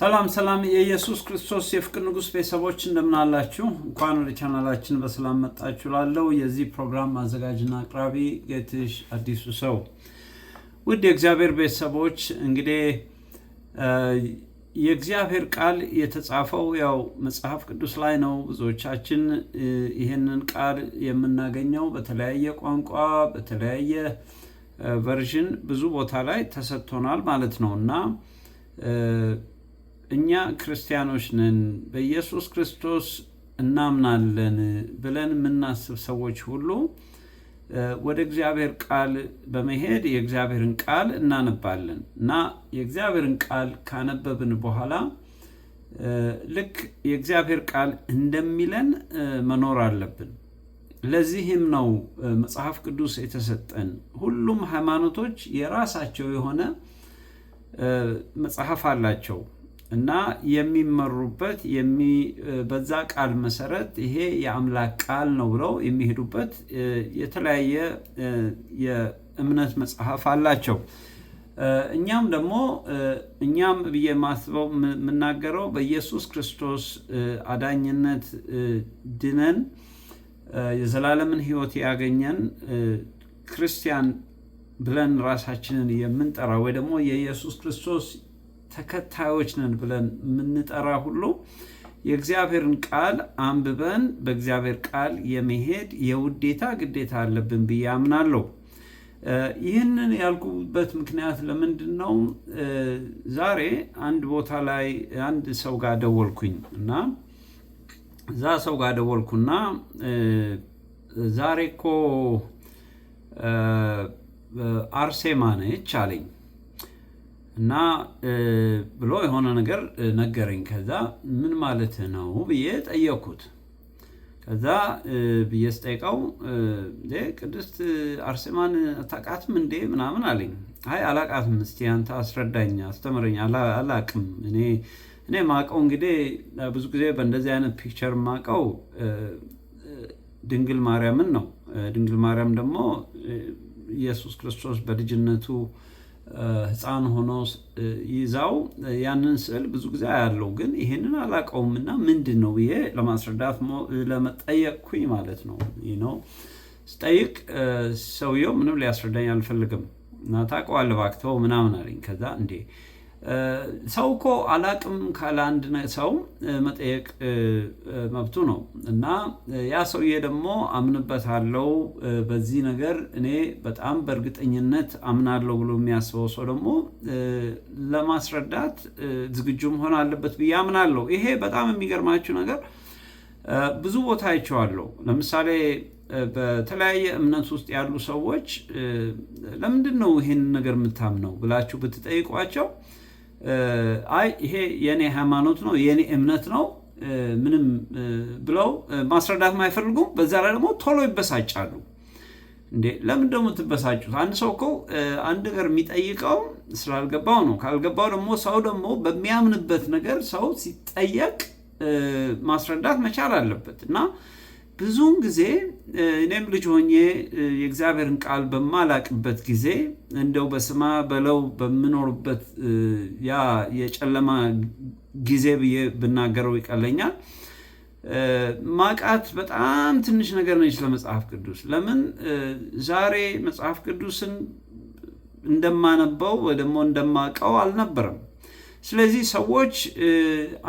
ሰላም ሰላም የኢየሱስ ክርስቶስ የፍቅር ንጉስ ቤተሰቦች እንደምናላችሁ እንኳን ወደ ቻናላችን በሰላም መጣችሁ። ላለው የዚህ ፕሮግራም አዘጋጅና አቅራቢ ጌትሽ አዲሱ ሰው። ውድ የእግዚአብሔር ቤተሰቦች እንግዲህ የእግዚአብሔር ቃል የተጻፈው ያው መጽሐፍ ቅዱስ ላይ ነው። ብዙዎቻችን ይህንን ቃል የምናገኘው በተለያየ ቋንቋ በተለያየ ቨርዥን ብዙ ቦታ ላይ ተሰጥቶናል ማለት ነው እና እኛ ክርስቲያኖች ነን፣ በኢየሱስ ክርስቶስ እናምናለን ብለን የምናስብ ሰዎች ሁሉ ወደ እግዚአብሔር ቃል በመሄድ የእግዚአብሔርን ቃል እናነባለን እና የእግዚአብሔርን ቃል ካነበብን በኋላ ልክ የእግዚአብሔር ቃል እንደሚለን መኖር አለብን። ለዚህም ነው መጽሐፍ ቅዱስ የተሰጠን። ሁሉም ሃይማኖቶች የራሳቸው የሆነ መጽሐፍ አላቸው። እና የሚመሩበት በዛ ቃል መሰረት ይሄ የአምላክ ቃል ነው ብለው የሚሄዱበት የተለያየ የእምነት መጽሐፍ አላቸው። እኛም ደግሞ እኛም ብዬ ማስበው የምናገረው በኢየሱስ ክርስቶስ አዳኝነት ድነን የዘላለምን ሕይወት ያገኘን ክርስቲያን ብለን ራሳችንን የምንጠራ ወይ ደግሞ የኢየሱስ ክርስቶስ ተከታዮች ነን ብለን የምንጠራ ሁሉ የእግዚአብሔርን ቃል አንብበን በእግዚአብሔር ቃል የመሄድ የውዴታ ግዴታ አለብን ብዬ አምናለሁ። ይህንን ያልኩበት ምክንያት ለምንድን ነው? ዛሬ አንድ ቦታ ላይ አንድ ሰው ጋር ደወልኩኝ እና እዛ ሰው ጋር ደወልኩና ዛሬ እኮ አርሴማ ነች አለኝ። እና ብሎ የሆነ ነገር ነገረኝ። ከዛ ምን ማለት ነው ብዬ ጠየቅኩት። ከዛ ብዬ ስጠይቀው ቅድስት አርሴማን አታውቃትም እንዴ ምናምን አለኝ። አይ አላውቃትም፣ እስኪ አንተ አስረዳኝ፣ አስተምረኝ፣ አላውቅም። እኔ እኔ ማውቀው እንግዲህ ብዙ ጊዜ በእንደዚህ አይነት ፒክቸር ማውቀው ድንግል ማርያምን ነው። ድንግል ማርያም ደግሞ ኢየሱስ ክርስቶስ በልጅነቱ ህፃን ሆኖ ይዛው ያንን ስዕል ብዙ ጊዜ አያለው፣ ግን ይሄንን አላውቀውም እና ምንድን ነው ብዬ ለማስረዳት ለመጠየቅኩኝ ማለት ነው ነው ስጠይቅ ሰውየው ምንም ሊያስረዳኝ አልፈልግም እና ታውቀዋለህ እባክህ ምናምን አለኝ። ከዛ እንዴ ሰው እኮ አላቅም ካለ አንድ ሰው መጠየቅ መብቱ ነው እና ያ ሰውዬ ደግሞ አምንበታለው በዚህ ነገር እኔ በጣም በእርግጠኝነት አምናለሁ ብሎ የሚያስበው ሰው ደግሞ ለማስረዳት ዝግጁ መሆን አለበት ብዬ አምናለሁ። ይሄ በጣም የሚገርማችሁ ነገር ብዙ ቦታ አይቼዋለሁ። ለምሳሌ በተለያየ እምነት ውስጥ ያሉ ሰዎች ለምንድን ነው ይህንን ነገር የምታምነው ብላችሁ ብትጠይቋቸው አይ ይሄ የኔ ሃይማኖት ነው የኔ እምነት ነው ምንም ብለው ማስረዳትም አይፈልጉም። በዛ ላይ ደግሞ ቶሎ ይበሳጫሉ። እንዴ ለምን ደግሞ ትበሳጩት? አንድ ሰው እኮ አንድ ነገር የሚጠይቀው ስላልገባው ነው። ካልገባው ደግሞ ሰው ደግሞ በሚያምንበት ነገር ሰው ሲጠየቅ ማስረዳት መቻል አለበት እና ብዙውን ጊዜ እኔም ልጅ ሆኜ የእግዚአብሔርን ቃል በማላቅበት ጊዜ እንደው በስማ በለው በምኖርበት ያ የጨለማ ጊዜ ብዬ ብናገረው ይቀለኛል። ማቃት በጣም ትንሽ ነገር ነች ለመጽሐፍ ቅዱስ። ለምን ዛሬ መጽሐፍ ቅዱስን እንደማነበው ወይ ደግሞ እንደማቀው አልነበረም። ስለዚህ ሰዎች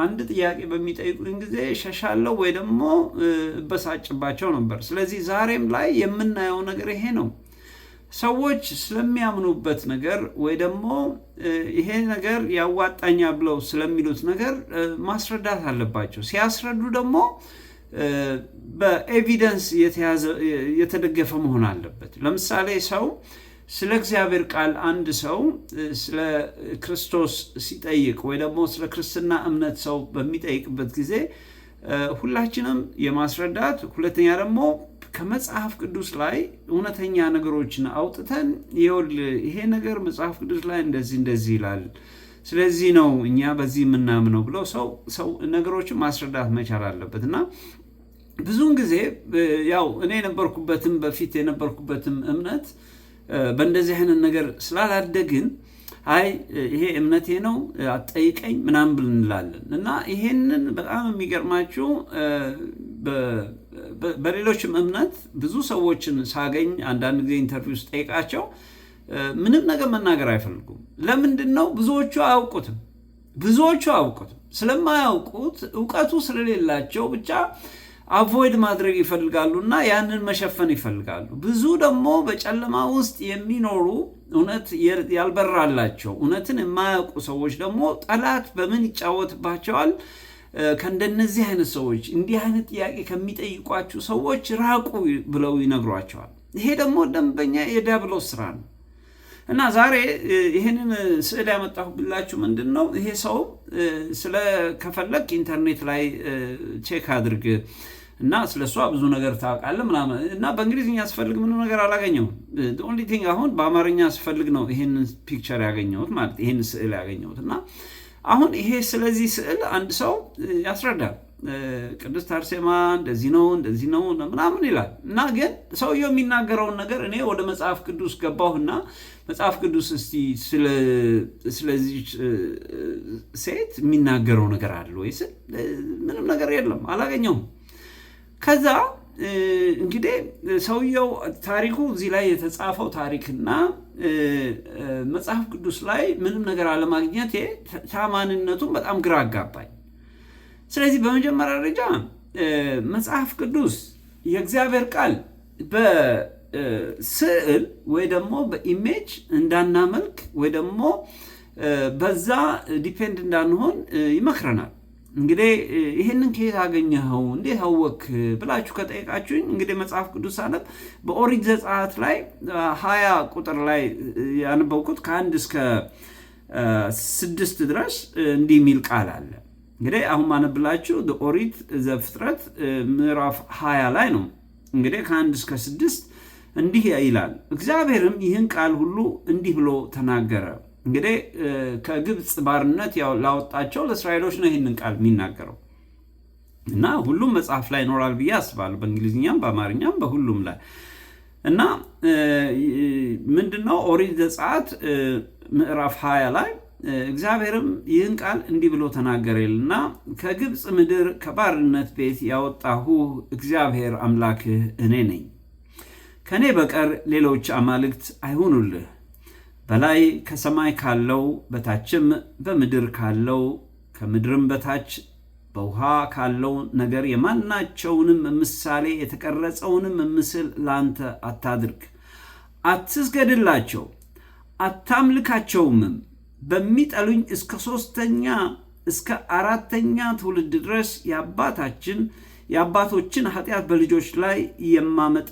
አንድ ጥያቄ በሚጠይቁኝ ጊዜ ሸሻለው ወይ ደግሞ እበሳጭባቸው ነበር። ስለዚህ ዛሬም ላይ የምናየው ነገር ይሄ ነው። ሰዎች ስለሚያምኑበት ነገር ወይ ደግሞ ይሄ ነገር ያዋጣኛ ብለው ስለሚሉት ነገር ማስረዳት አለባቸው። ሲያስረዱ ደግሞ በኤቪደንስ የተደገፈ መሆን አለበት። ለምሳሌ ሰው ስለ እግዚአብሔር ቃል አንድ ሰው ስለ ክርስቶስ ሲጠይቅ ወይ ደግሞ ስለ ክርስትና እምነት ሰው በሚጠይቅበት ጊዜ ሁላችንም የማስረዳት ሁለተኛ ደግሞ ከመጽሐፍ ቅዱስ ላይ እውነተኛ ነገሮችን አውጥተን ይኸውልህ ይሄ ነገር መጽሐፍ ቅዱስ ላይ እንደዚህ እንደዚህ ይላል፣ ስለዚህ ነው እኛ በዚህ የምናምነው ብለው ሰው ሰው ነገሮችን ማስረዳት መቻል አለበት እና ብዙውን ጊዜ ያው እኔ የነበርኩበትም በፊት የነበርኩበትም እምነት በእንደዚህ አይነት ነገር ስላላደግን አይ ይሄ እምነቴ ነው አጠይቀኝ ምናምን ብል እንላለን እና ይሄንን በጣም የሚገርማችሁ በሌሎችም እምነት ብዙ ሰዎችን ሳገኝ አንዳንድ ጊዜ ኢንተርቪው ስጠይቃቸው ምንም ነገር መናገር አይፈልጉም። ለምንድን ነው? ብዙዎቹ አያውቁትም። ብዙዎቹ አያውቁትም። ስለማያውቁት እውቀቱ ስለሌላቸው ብቻ አቮይድ ማድረግ ይፈልጋሉ እና ያንን መሸፈን ይፈልጋሉ። ብዙ ደግሞ በጨለማ ውስጥ የሚኖሩ እውነት ያልበራላቸው እውነትን የማያውቁ ሰዎች ደግሞ ጠላት በምን ይጫወትባቸዋል? ከእንደነዚህ አይነት ሰዎች እንዲህ አይነት ጥያቄ ከሚጠይቋችሁ ሰዎች ራቁ ብለው ይነግሯቸዋል። ይሄ ደግሞ ደንበኛ የዲያብሎስ ስራ ነው እና ዛሬ ይህንን ስዕል ያመጣሁብላችሁ ምንድን ነው ይሄ ሰው ስለ ከፈለግ ኢንተርኔት ላይ ቼክ አድርግ እና ስለ እሷ ብዙ ነገር ታውቃለህ ምናምን እና በእንግሊዝኛ ስፈልግ ምንም ነገር አላገኘሁም። ኦንሊ ቲንግ አሁን በአማርኛ ስፈልግ ነው ይሄንን ፒክቸር ያገኘሁት ማለት ይሄን ስዕል ያገኘሁት እና አሁን ይሄ ስለዚህ ስዕል አንድ ሰው ያስረዳል። ቅድስት አርሴማ እንደዚህ ነው እንደዚህ ነው ምናምን ይላል እና ግን ሰውየው የሚናገረውን ነገር እኔ ወደ መጽሐፍ ቅዱስ ገባሁና መጽሐፍ ቅዱስ እስቲ ስለዚህ ሴት የሚናገረው ነገር አለ ወይስ ምንም ነገር የለም፣ አላገኘሁም። ከዛ እንግዲህ ሰውየው ታሪኩ እዚህ ላይ የተጻፈው ታሪክና መጽሐፍ ቅዱስ ላይ ምንም ነገር አለማግኘት ታማንነቱን በጣም ግራ አጋባኝ። ስለዚህ በመጀመሪያ ደረጃ መጽሐፍ ቅዱስ የእግዚአብሔር ቃል በስዕል ወይ ደግሞ በኢሜጅ እንዳናመልክ ወይ ደግሞ በዛ ዲፔንድ እንዳንሆን ይመክረናል። እንግዲህ ይህንን ከየት አገኘኸው እንዴት አወክ ብላችሁ ከጠየቃችሁኝ እንግዲህ መጽሐፍ ቅዱስ አለት በኦሪት ዘጸአት ላይ ሀያ ቁጥር ላይ ያነበብኩት ከአንድ እስከ ስድስት ድረስ እንዲህ የሚል ቃል አለ። እንግዲህ አሁን ማነብላችሁ ኦሪት ዘፍጥረት ምዕራፍ ሀያ ላይ ነው። እንግዲህ ከአንድ እስከ ስድስት እንዲህ ይላል። እግዚአብሔርም ይህን ቃል ሁሉ እንዲህ ብሎ ተናገረ እንግዲህ ከግብፅ ባርነት ላወጣቸው ለእስራኤሎች ነው ይህንን ቃል የሚናገረው እና ሁሉም መጽሐፍ ላይ ይኖራል ብዬ አስባለሁ። በእንግሊዝኛም በአማርኛም በሁሉም ላይ እና ምንድነው ኦሪት ዘጸአት ምዕራፍ 20 ላይ እግዚአብሔርም ይህን ቃል እንዲህ ብሎ ተናገረ ይልና ከግብፅ ምድር ከባርነት ቤት ያወጣሁ እግዚአብሔር አምላክህ እኔ ነኝ። ከእኔ በቀር ሌሎች አማልክት አይሁኑልህ በላይ ከሰማይ ካለው በታችም በምድር ካለው ከምድርም በታች በውሃ ካለው ነገር የማናቸውንም ምሳሌ የተቀረጸውንም ምስል ላንተ አታድርግ። አትስገድላቸው፣ አታምልካቸውምም። በሚጠሉኝ እስከ ሦስተኛ እስከ አራተኛ ትውልድ ድረስ የአባታችን የአባቶችን ኃጢአት በልጆች ላይ የማመጣ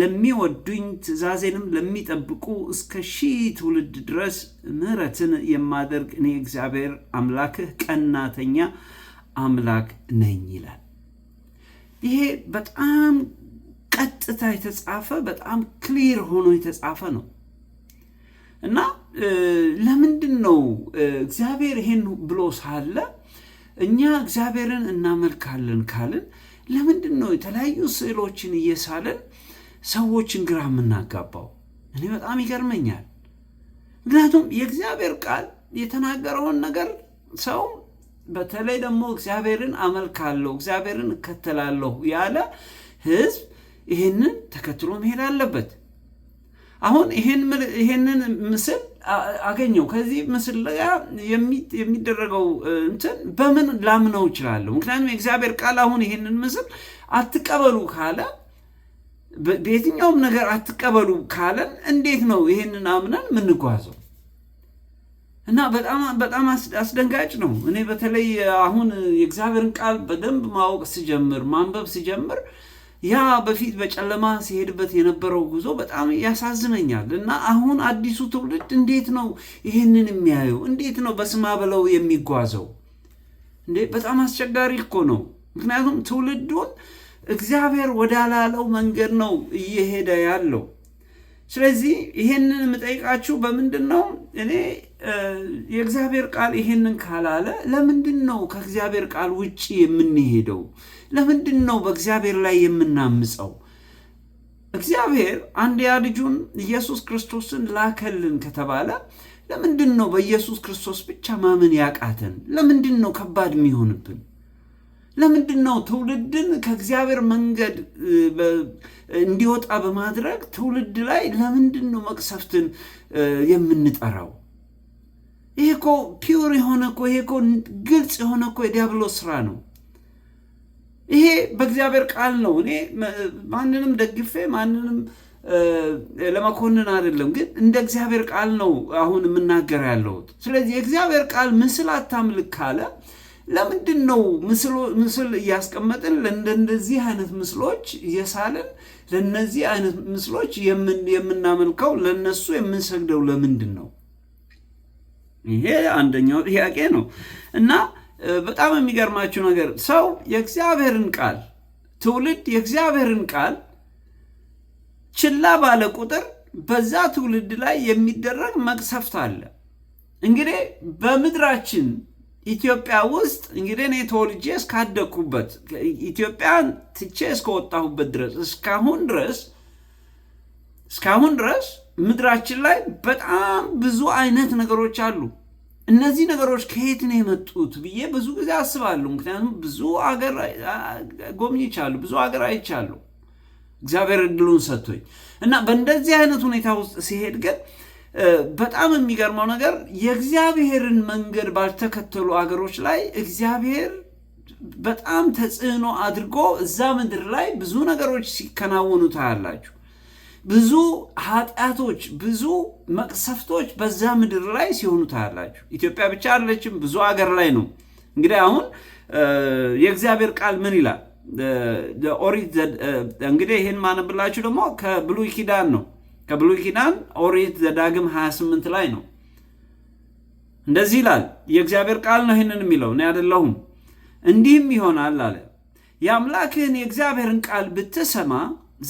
ለሚወዱኝ ትእዛዜንም ለሚጠብቁ እስከ ሺህ ትውልድ ድረስ ምሕረትን የማደርግ እኔ እግዚአብሔር አምላክህ ቀናተኛ አምላክ ነኝ ይላል። ይሄ በጣም ቀጥታ የተጻፈ በጣም ክሊር ሆኖ የተጻፈ ነው እና ለምንድን ነው እግዚአብሔር ይሄን ብሎ ሳለ እኛ እግዚአብሔርን እናመልካለን ካልን ለምንድን ነው የተለያዩ ስዕሎችን እየሳለን ሰዎችን ግራ የምናጋባው? እኔ በጣም ይገርመኛል። ምክንያቱም የእግዚአብሔር ቃል የተናገረውን ነገር ሰው በተለይ ደግሞ እግዚአብሔርን አመልካለሁ፣ እግዚአብሔርን እከተላለሁ ያለ ህዝብ ይህንን ተከትሎ መሄድ አለበት። አሁን ይህንን ምስል አገኘው። ከዚህ ምስል ጋር የሚደረገው እንትን በምን ላምነው እችላለሁ? ምክንያቱም የእግዚአብሔር ቃል አሁን ይሄንን ምስል አትቀበሉ ካለ በየትኛውም ነገር አትቀበሉ ካለን እንዴት ነው ይሄንን አምነን የምንጓዘው? እና በጣም አስደንጋጭ ነው። እኔ በተለይ አሁን የእግዚአብሔርን ቃል በደንብ ማወቅ ስጀምር ማንበብ ስጀምር ያ በፊት በጨለማ ሲሄድበት የነበረው ጉዞ በጣም ያሳዝነኛል እና አሁን አዲሱ ትውልድ እንዴት ነው ይህንን የሚያየው? እንዴት ነው በስማ ብለው የሚጓዘው? እንዴ በጣም አስቸጋሪ እኮ ነው። ምክንያቱም ትውልዱን እግዚአብሔር ወዳላለው መንገድ ነው እየሄደ ያለው። ስለዚህ ይሄንን የምጠይቃችሁ በምንድን ነው? እኔ የእግዚአብሔር ቃል ይሄንን ካላለ ለምንድን ነው ከእግዚአብሔር ቃል ውጭ የምንሄደው? ለምንድን ነው በእግዚአብሔር ላይ የምናምፀው? እግዚአብሔር አንድያ ልጁን ኢየሱስ ክርስቶስን ላከልን ከተባለ ለምንድን ነው በኢየሱስ ክርስቶስ ብቻ ማመን ያቃተን? ለምንድን ነው ከባድ የሚሆንብን? ለምንድን ነው ትውልድን ከእግዚአብሔር መንገድ እንዲወጣ በማድረግ ትውልድ ላይ ለምንድን ነው መቅሰፍትን የምንጠራው? ይሄ እኮ ፒውር የሆነ እኮ ይሄ እኮ ግልጽ የሆነ እኮ የዲያብሎስ ስራ ነው። ይሄ በእግዚአብሔር ቃል ነው። እኔ ማንንም ደግፌ ማንንም ለመኮንን አይደለም፣ ግን እንደ እግዚአብሔር ቃል ነው አሁን የምናገር ያለሁት። ስለዚህ የእግዚአብሔር ቃል ምስል አታምልክ ካለ ለምንድን ነው ምስል እያስቀመጥን ለእንደዚህ አይነት ምስሎች እየሳልን ለእነዚህ አይነት ምስሎች የምናመልከው ለነሱ የምንሰግደው ለምንድን ነው? ይሄ አንደኛው ጥያቄ ነው እና በጣም የሚገርማችሁ ነገር ሰው የእግዚአብሔርን ቃል ትውልድ የእግዚአብሔርን ቃል ችላ ባለ ቁጥር በዛ ትውልድ ላይ የሚደረግ መቅሰፍት አለ። እንግዲህ በምድራችን ኢትዮጵያ ውስጥ እንግዲህ እኔ ተወልጄ እስካደግኩበት ኢትዮጵያን ትቼ እስከወጣሁበት ድረስ እስካሁን ድረስ እስካሁን ድረስ ምድራችን ላይ በጣም ብዙ አይነት ነገሮች አሉ። እነዚህ ነገሮች ከየት ነው የመጡት ብዬ ብዙ ጊዜ አስባለሁ። ምክንያቱም ብዙ አገር ጎብኝቻለሁ፣ ብዙ አገር አይቻለሁ እግዚአብሔር እድሉን ሰጥቶኝ እና በእንደዚህ አይነት ሁኔታ ውስጥ ሲሄድ ግን በጣም የሚገርመው ነገር የእግዚአብሔርን መንገድ ባልተከተሉ አገሮች ላይ እግዚአብሔር በጣም ተጽዕኖ አድርጎ እዛ ምድር ላይ ብዙ ነገሮች ሲከናወኑ ታያላችሁ። ብዙ ኃጢአቶች፣ ብዙ መቅሰፍቶች በዛ ምድር ላይ ሲሆኑ ታያላችሁ። ኢትዮጵያ ብቻ አለችም፣ ብዙ አገር ላይ ነው። እንግዲህ አሁን የእግዚአብሔር ቃል ምን ይላል? ኦሪት እንግዲህ ይህን ማነብላችሁ ደግሞ ከብሉይ ኪዳን ነው። ከብሉይ ኪዳን ኦሪት ዘዳግም 28 ላይ ነው። እንደዚህ ይላል የእግዚአብሔር ቃል ነው ይህንን የሚለው እኔ አይደለሁም። እንዲህም ይሆናል አለ የአምላክህን የእግዚአብሔርን ቃል ብትሰማ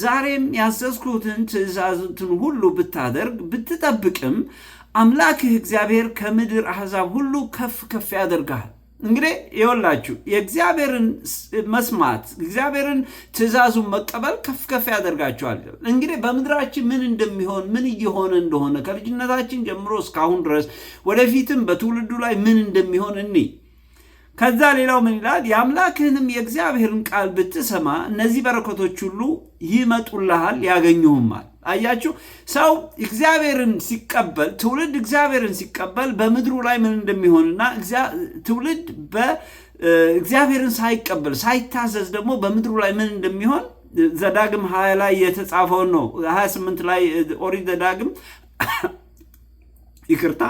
ዛሬም ያዘዝኩህን ትእዛዝትን ሁሉ ብታደርግ ብትጠብቅም አምላክህ እግዚአብሔር ከምድር አሕዛብ ሁሉ ከፍ ከፍ ያደርግሃል። እንግዲህ የወላችሁ የእግዚአብሔርን መስማት እግዚአብሔርን ትእዛዙን መቀበል ከፍ ከፍ ያደርጋቸዋል። እንግዲህ በምድራችን ምን እንደሚሆን ምን እየሆነ እንደሆነ ከልጅነታችን ጀምሮ እስካሁን ድረስ ወደፊትም በትውልዱ ላይ ምን እንደሚሆን እኒ ከዛ ሌላው ምን ይላል? የአምላክህንም የእግዚአብሔርን ቃል ብትሰማ እነዚህ በረከቶች ሁሉ ይመጡልሃል ያገኙህማል። አያችሁ፣ ሰው እግዚአብሔርን ሲቀበል ትውልድ እግዚአብሔርን ሲቀበል በምድሩ ላይ ምን እንደሚሆንና ትውልድ በእግዚአብሔርን ሳይቀበል ሳይታዘዝ ደግሞ በምድሩ ላይ ምን እንደሚሆን ዘዳግም ሀያ ላይ የተጻፈውን ነው። 28 ላይ ኦሪት ዘዳግም ይቅርታ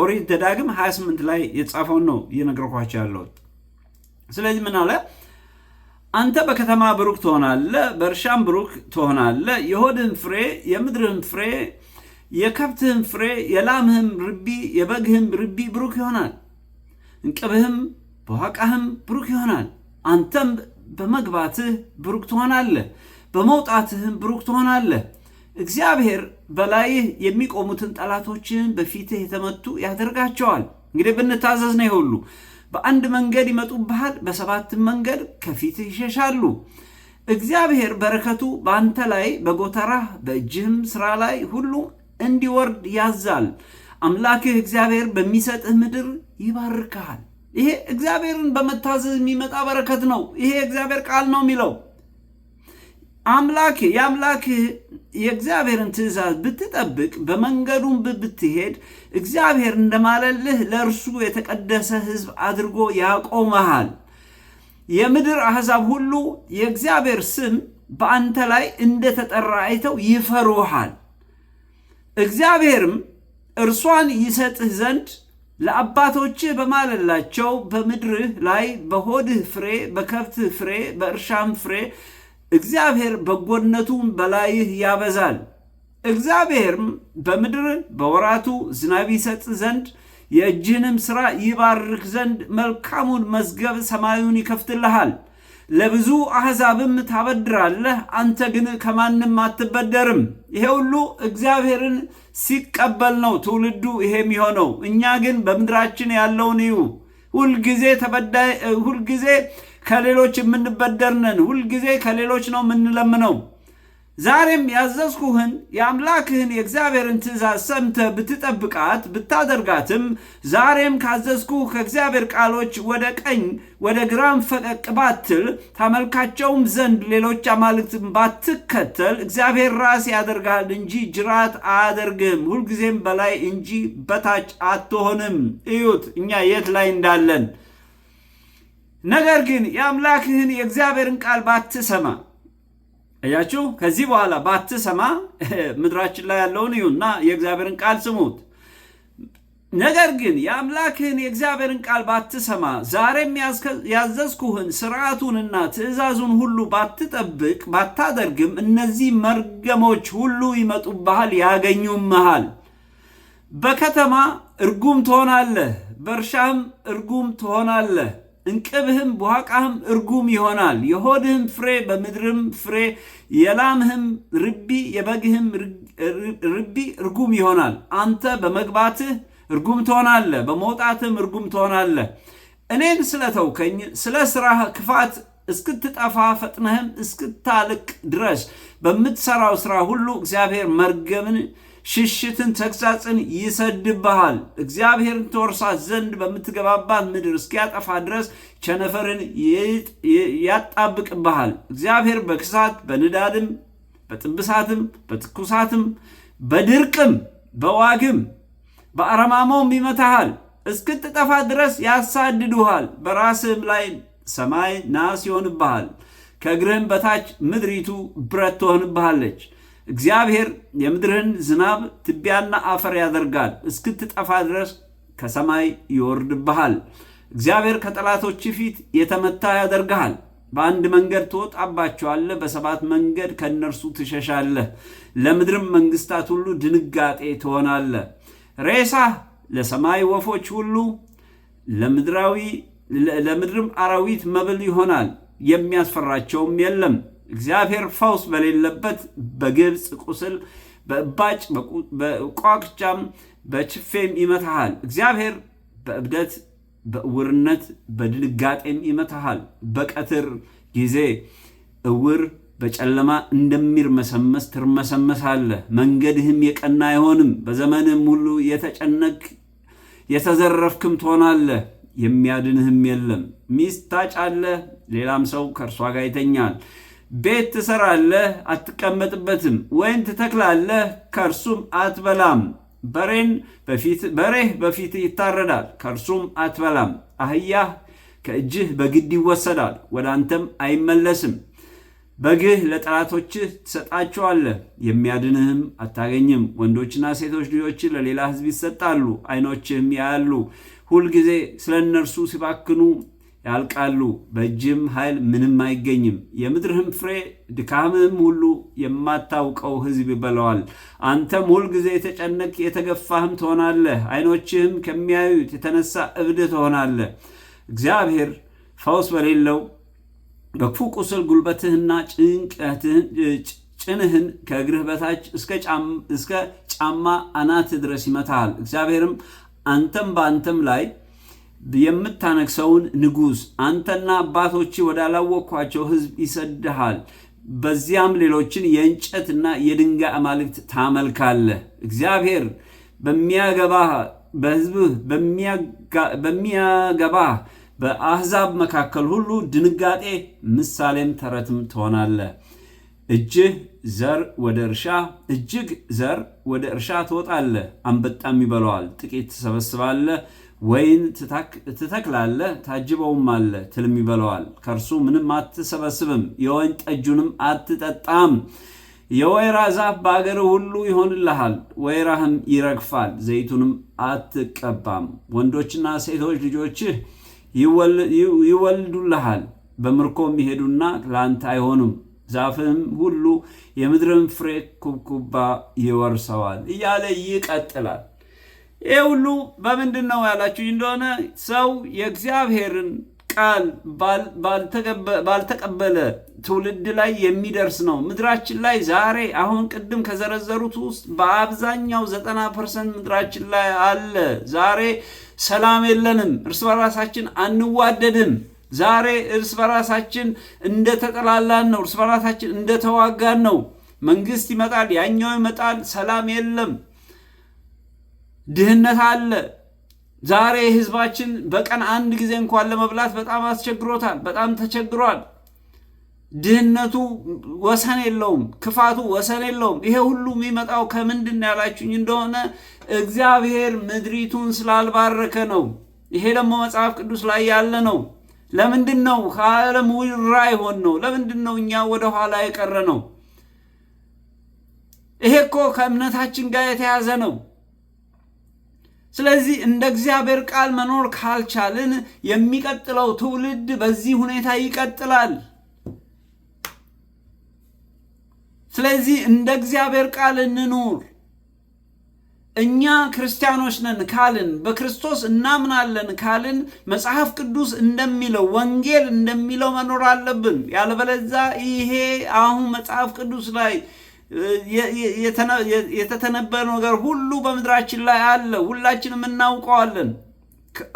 ኦሪት ዘዳግም 28 ላይ የጻፈውን ነው እየነገርኳቸው ያለሁት። ስለዚህ ምን አለ? አንተ በከተማ ብሩክ ትሆናለህ፣ በእርሻም ብሩክ ትሆናለህ። የሆድህን ፍሬ፣ የምድርህን ፍሬ፣ የከብትህን ፍሬ፣ የላምህም ርቢ፣ የበግህም ርቢ ብሩክ ይሆናል። እንቅብህም በዋቃህም ብሩክ ይሆናል። አንተም በመግባትህ ብሩክ ትሆናለህ፣ በመውጣትህም ብሩክ ትሆናለህ። እግዚአብሔር በላይህ የሚቆሙትን ጠላቶችን በፊትህ የተመቱ ያደርጋቸዋል። እንግዲህ ብንታዘዝ ነው ሁሉ በአንድ መንገድ ይመጡብሃል፣ በሰባትም መንገድ ከፊትህ ይሸሻሉ። እግዚአብሔር በረከቱ በአንተ ላይ በጎተራህ በእጅህም ስራ ላይ ሁሉ እንዲወርድ ያዛል። አምላክህ እግዚአብሔር በሚሰጥህ ምድር ይባርክሃል። ይሄ እግዚአብሔርን በመታዘዝ የሚመጣ በረከት ነው። ይሄ እግዚአብሔር ቃል ነው የሚለው አምላክ የአምላክህ የእግዚአብሔርን ትእዛዝ ብትጠብቅ በመንገዱም ብትሄድ እግዚአብሔር እንደማለልህ ለእርሱ የተቀደሰ ሕዝብ አድርጎ ያቆመሃል። የምድር አሕዛብ ሁሉ የእግዚአብሔር ስም በአንተ ላይ እንደተጠራ አይተው ይፈሩሃል። እግዚአብሔርም እርሷን ይሰጥህ ዘንድ ለአባቶችህ በማለላቸው በምድርህ ላይ በሆድህ ፍሬ፣ በከብትህ ፍሬ፣ በእርሻም ፍሬ እግዚአብሔር በጎነቱን በላይህ ያበዛል። እግዚአብሔርም በምድር በወራቱ ዝናብ ይሰጥ ዘንድ የእጅህንም ሥራ ይባርክ ዘንድ መልካሙን መዝገብ ሰማዩን ይከፍትልሃል። ለብዙ አሕዛብም ታበድራለህ፣ አንተ ግን ከማንም አትበደርም። ይሄ ሁሉ እግዚአብሔርን ሲቀበል ነው ትውልዱ ይሄ የሚሆነው። እኛ ግን በምድራችን ያለውን እዩ። ሁልጊዜ ተበዳይ ሁልጊዜ ከሌሎች የምንበደርነን ሁልጊዜ ከሌሎች ነው የምንለምነው። ዛሬም ያዘዝኩህን የአምላክህን የእግዚአብሔርን ትእዛዝ ሰምተ ብትጠብቃት ብታደርጋትም ዛሬም ካዘዝኩ ከእግዚአብሔር ቃሎች ወደ ቀኝ ወደ ግራም ፈቀቅ ባትል ታመልካቸውም ዘንድ ሌሎች አማልክትን ባትከተል እግዚአብሔር ራስ ያደርግሃል እንጂ ጅራት አያደርግህም፣ ሁልጊዜም በላይ እንጂ በታች አትሆንም። እዩት እኛ የት ላይ እንዳለን። ነገር ግን የአምላክህን የእግዚአብሔርን ቃል ባትሰማ እያችሁ ከዚህ በኋላ ባትሰማ ምድራችን ላይ ያለውን እዩና የእግዚአብሔርን ቃል ስሙት። ነገር ግን የአምላክህን የእግዚአብሔርን ቃል ባትሰማ ዛሬም ያዘዝኩህን ስርዓቱንና ትእዛዙን ሁሉ ባትጠብቅ ባታደርግም እነዚህ መርገሞች ሁሉ ይመጡብሃል፣ ያገኙምሃል። በከተማ እርጉም ትሆናለህ፣ በእርሻም እርጉም ትሆናለህ እንቅብህም በኋቃህም እርጉም ይሆናል። የሆድህም ፍሬ በምድርም ፍሬ የላምህም ርቢ የበግህም ርቢ እርጉም ይሆናል። አንተ በመግባትህ እርጉም ትሆናለህ፣ በመውጣትህም እርጉም ትሆናለህ። እኔን ስለተውከኝ ስለ ስራህ ክፋት እስክትጠፋ ፈጥነህም እስክታልቅ ድረስ በምትሰራው ስራ ሁሉ እግዚአብሔር መርገምን ሽሽትን ተግሳጽን ይሰድብሃል። እግዚአብሔርን ተወርሳት ዘንድ በምትገባባት ምድር እስኪያጠፋ ድረስ ቸነፈርን ያጣብቅብሃል። እግዚአብሔር በክሳት በንዳድም በጥብሳትም በትኩሳትም በድርቅም በዋግም በአረማሞም ይመታሃል። እስክትጠፋ ድረስ ያሳድዱሃል። በራስህም ላይ ሰማይ ናስ ይሆንብሃል። ከእግርህም በታች ምድሪቱ ብረት ትሆንብሃለች። እግዚአብሔር የምድርህን ዝናብ ትቢያና አፈር ያደርጋል፣ እስክትጠፋ ድረስ ከሰማይ ይወርድብሃል። እግዚአብሔር ከጠላቶች ፊት የተመታ ያደርግሃል። በአንድ መንገድ ትወጣባቸዋለህ፣ በሰባት መንገድ ከእነርሱ ትሸሻለህ። ለምድርም መንግስታት ሁሉ ድንጋጤ ትሆናለህ። ሬሳህ ለሰማይ ወፎች ሁሉ ለምድርም አራዊት መብል ይሆናል፣ የሚያስፈራቸውም የለም። እግዚአብሔር ፈውስ በሌለበት በግብፅ ቁስል በእባጭ በቋቅጫም በችፌም ይመታሃል። እግዚአብሔር በእብደት በእውርነት በድንጋጤም ይመታሃል። በቀትር ጊዜ እውር በጨለማ እንደሚርመሰመስ ትርመሰመሳለህ። መንገድህም የቀና አይሆንም። በዘመንም ሁሉ የተጨነቅ የተዘረፍክም ትሆናለህ። የሚያድንህም የለም። ሚስት ታጫለህ፣ ሌላም ሰው ከእርሷ ጋር ይተኛል። ቤት ትሰራለህ አትቀመጥበትም፣ ወይን ትተክላለህ ከእርሱም አትበላም። በሬህ በፊት ይታረዳል ከእርሱም አትበላም። አህያህ ከእጅህ በግድ ይወሰዳል ወደ አንተም አይመለስም። በግህ ለጠላቶችህ ትሰጣቸዋለህ፣ የሚያድንህም አታገኝም። ወንዶችና ሴቶች ልጆች ለሌላ ሕዝብ ይሰጣሉ፣ ዓይኖችህም ያያሉ፣ ሁልጊዜ ስለ እነርሱ ሲባክኑ ያልቃሉ፣ በእጅም ኃይል ምንም አይገኝም። የምድርህም ፍሬ ድካምህም ሁሉ የማታውቀው ሕዝብ ይበላዋል። አንተም ሁልጊዜ የተጨነቅ የተገፋህም ትሆናለህ፣ ዓይኖችህም ከሚያዩት የተነሳ እብድ ትሆናለህ። እግዚአብሔር ፈውስ በሌለው በክፉ ቁስል ጉልበትህና ጭንህን ከእግርህ በታች እስከ ጫማ አናት ድረስ ይመታሃል። እግዚአብሔርም አንተም በአንተም ላይ የምታነግሰውን ንጉሥ አንተና አባቶች ወዳላወቅኳቸው ሕዝብ ይሰድሃል። በዚያም ሌሎችን የእንጨትና የድንጋይ አማልክት ታመልካለህ። እግዚአብሔር በሚያገባህ በሕዝብህ በሚያገባህ በአሕዛብ መካከል ሁሉ ድንጋጤ ምሳሌም ተረትም ትሆናለህ። እጅህ ዘር ወደ እርሻ እጅግ ዘር ወደ እርሻ ትወጣለህ፣ አንበጣም ይበላዋል። ጥቂት ትሰበስባለህ ወይን ትተክላለህ፣ ታጅበውም አለ ትልም ይበለዋል። ከእርሱ ምንም አትሰበስብም፣ የወይን ጠጁንም አትጠጣም። የወይራ ዛፍ በአገር ሁሉ ይሆንልሃል፣ ወይራህም ይረግፋል፣ ዘይቱንም አትቀባም። ወንዶችና ሴቶች ልጆችህ ይወልዱልሃል፣ በምርኮም ይሄዱና ለአንተ አይሆኑም። ዛፍህም ሁሉ የምድርን ፍሬ ኩብኩባ ይወርሰዋል እያለ ይቀጥላል። ይህ ሁሉ በምንድን ነው ያላችሁ እንደሆነ ሰው የእግዚአብሔርን ቃል ባልተቀበለ ትውልድ ላይ የሚደርስ ነው። ምድራችን ላይ ዛሬ አሁን ቅድም ከዘረዘሩት ውስጥ በአብዛኛው ዘጠና ፐርሰንት ምድራችን ላይ አለ። ዛሬ ሰላም የለንም፣ እርስ በራሳችን አንዋደድም። ዛሬ እርስ በራሳችን እንደተጠላላን ነው፣ እርስ በራሳችን እንደተዋጋን ነው። መንግስት ይመጣል፣ ያኛው ይመጣል፣ ሰላም የለም። ድህነት አለ። ዛሬ ህዝባችን በቀን አንድ ጊዜ እንኳን ለመብላት በጣም አስቸግሮታል፣ በጣም ተቸግሯል። ድህነቱ ወሰን የለውም፣ ክፋቱ ወሰን የለውም። ይሄ ሁሉ የሚመጣው ከምንድን ያላችሁኝ እንደሆነ እግዚአብሔር ምድሪቱን ስላልባረከ ነው። ይሄ ደግሞ መጽሐፍ ቅዱስ ላይ ያለ ነው። ለምንድን ነው ከዓለም ውራ ይሆን ነው? ለምንድን ነው እኛ ወደ ኋላ የቀረ ነው? ይሄ እኮ ከእምነታችን ጋር የተያዘ ነው። ስለዚህ እንደ እግዚአብሔር ቃል መኖር ካልቻልን የሚቀጥለው ትውልድ በዚህ ሁኔታ ይቀጥላል። ስለዚህ እንደ እግዚአብሔር ቃል እንኑር። እኛ ክርስቲያኖች ነን ካልን፣ በክርስቶስ እናምናለን ካልን መጽሐፍ ቅዱስ እንደሚለው ወንጌል እንደሚለው መኖር አለብን። ያለበለዛ ይሄ አሁን መጽሐፍ ቅዱስ ላይ የተተነበረ ነገር ሁሉ በምድራችን ላይ አለ። ሁላችንም እናውቀዋለን።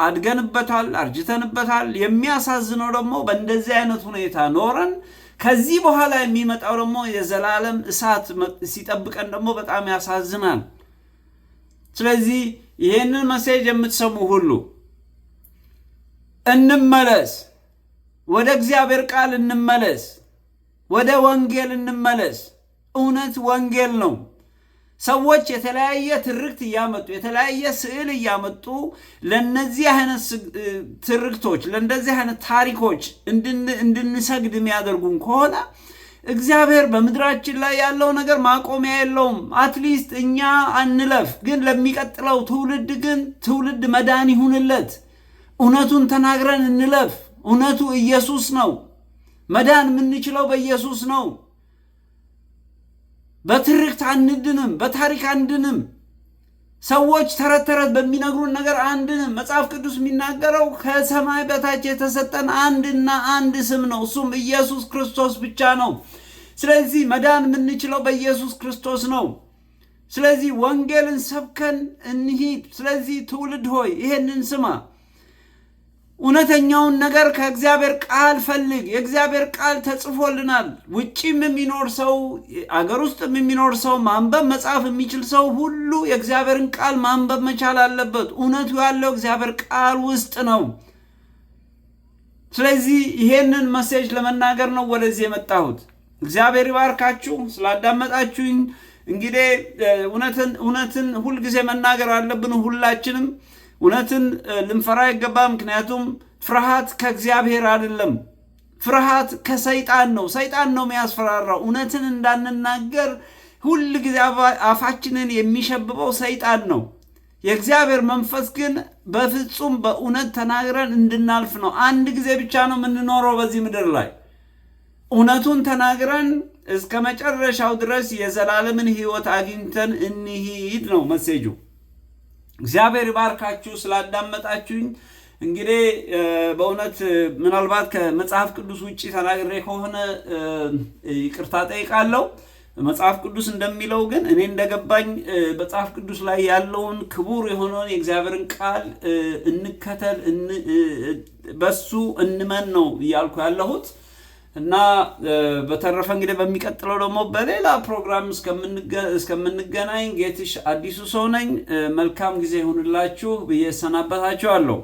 አድገንበታል፣ አርጅተንበታል። የሚያሳዝነው ደግሞ በእንደዚህ አይነት ሁኔታ ኖረን ከዚህ በኋላ የሚመጣው ደግሞ የዘላለም እሳት ሲጠብቀን ደግሞ በጣም ያሳዝናል። ስለዚህ ይህንን መሴጅ የምትሰሙ ሁሉ እንመለስ፣ ወደ እግዚአብሔር ቃል እንመለስ፣ ወደ ወንጌል እንመለስ። እውነት ወንጌል ነው። ሰዎች የተለያየ ትርክት እያመጡ የተለያየ ስዕል እያመጡ ለነዚህ አይነት ትርክቶች ለእንደዚህ አይነት ታሪኮች እንድንሰግድ የሚያደርጉን ከሆነ እግዚአብሔር በምድራችን ላይ ያለው ነገር ማቆሚያ የለውም። አትሊስት እኛ አንለፍ፣ ግን ለሚቀጥለው ትውልድ ግን ትውልድ መዳን ይሁንለት። እውነቱን ተናግረን እንለፍ። እውነቱ ኢየሱስ ነው። መዳን የምንችለው በኢየሱስ ነው። በትርክት አንድንም፣ በታሪክ አንድንም፣ ሰዎች ተረት ተረት በሚነግሩን ነገር አንድንም። መጽሐፍ ቅዱስ የሚናገረው ከሰማይ በታች የተሰጠን አንድና አንድ ስም ነው፣ እሱም ኢየሱስ ክርስቶስ ብቻ ነው። ስለዚህ መዳን የምንችለው በኢየሱስ ክርስቶስ ነው። ስለዚህ ወንጌልን ሰብከን እንሂድ። ስለዚህ ትውልድ ሆይ ይሄንን ስማ። እውነተኛውን ነገር ከእግዚአብሔር ቃል ፈልግ። የእግዚአብሔር ቃል ተጽፎልናል። ውጭም የሚኖር ሰው፣ አገር ውስጥም የሚኖር ሰው፣ ማንበብ መጻፍ የሚችል ሰው ሁሉ የእግዚአብሔርን ቃል ማንበብ መቻል አለበት። እውነቱ ያለው እግዚአብሔር ቃል ውስጥ ነው። ስለዚህ ይሄንን መሴጅ ለመናገር ነው ወደዚህ የመጣሁት። እግዚአብሔር ይባርካችሁ ስላዳመጣችሁኝ። እንግዲህ እውነትን ሁልጊዜ መናገር አለብን ሁላችንም። እውነትን ልንፈራ ይገባ። ምክንያቱም ፍርሃት ከእግዚአብሔር አይደለም። ፍርሃት ከሰይጣን ነው። ሰይጣን ነው የሚያስፈራራው። እውነትን እንዳንናገር ሁል ጊዜ አፋችንን የሚሸብበው ሰይጣን ነው። የእግዚአብሔር መንፈስ ግን በፍጹም በእውነት ተናግረን እንድናልፍ ነው። አንድ ጊዜ ብቻ ነው የምንኖረው በዚህ ምድር ላይ እውነቱን ተናግረን እስከ መጨረሻው ድረስ የዘላለምን ሕይወት አግኝተን እንሂድ ነው መሴጁ። እግዚአብሔር ይባርካችሁ ስላዳመጣችሁኝ። እንግዲህ በእውነት ምናልባት ከመጽሐፍ ቅዱስ ውጭ ተናግሬ ከሆነ ይቅርታ ጠይቃለሁ። መጽሐፍ ቅዱስ እንደሚለው ግን እኔ እንደገባኝ መጽሐፍ ቅዱስ ላይ ያለውን ክቡር የሆነውን የእግዚአብሔርን ቃል እንከተል፣ በሱ እንመን ነው እያልኩ ያለሁት። እና በተረፈ እንግዲህ በሚቀጥለው ደግሞ በሌላ ፕሮግራም እስከምንገናኝ ጌትሽ አዲሱ ሰው ነኝ። መልካም ጊዜ ይሁንላችሁ ብዬ እሰናበታችኋለሁ።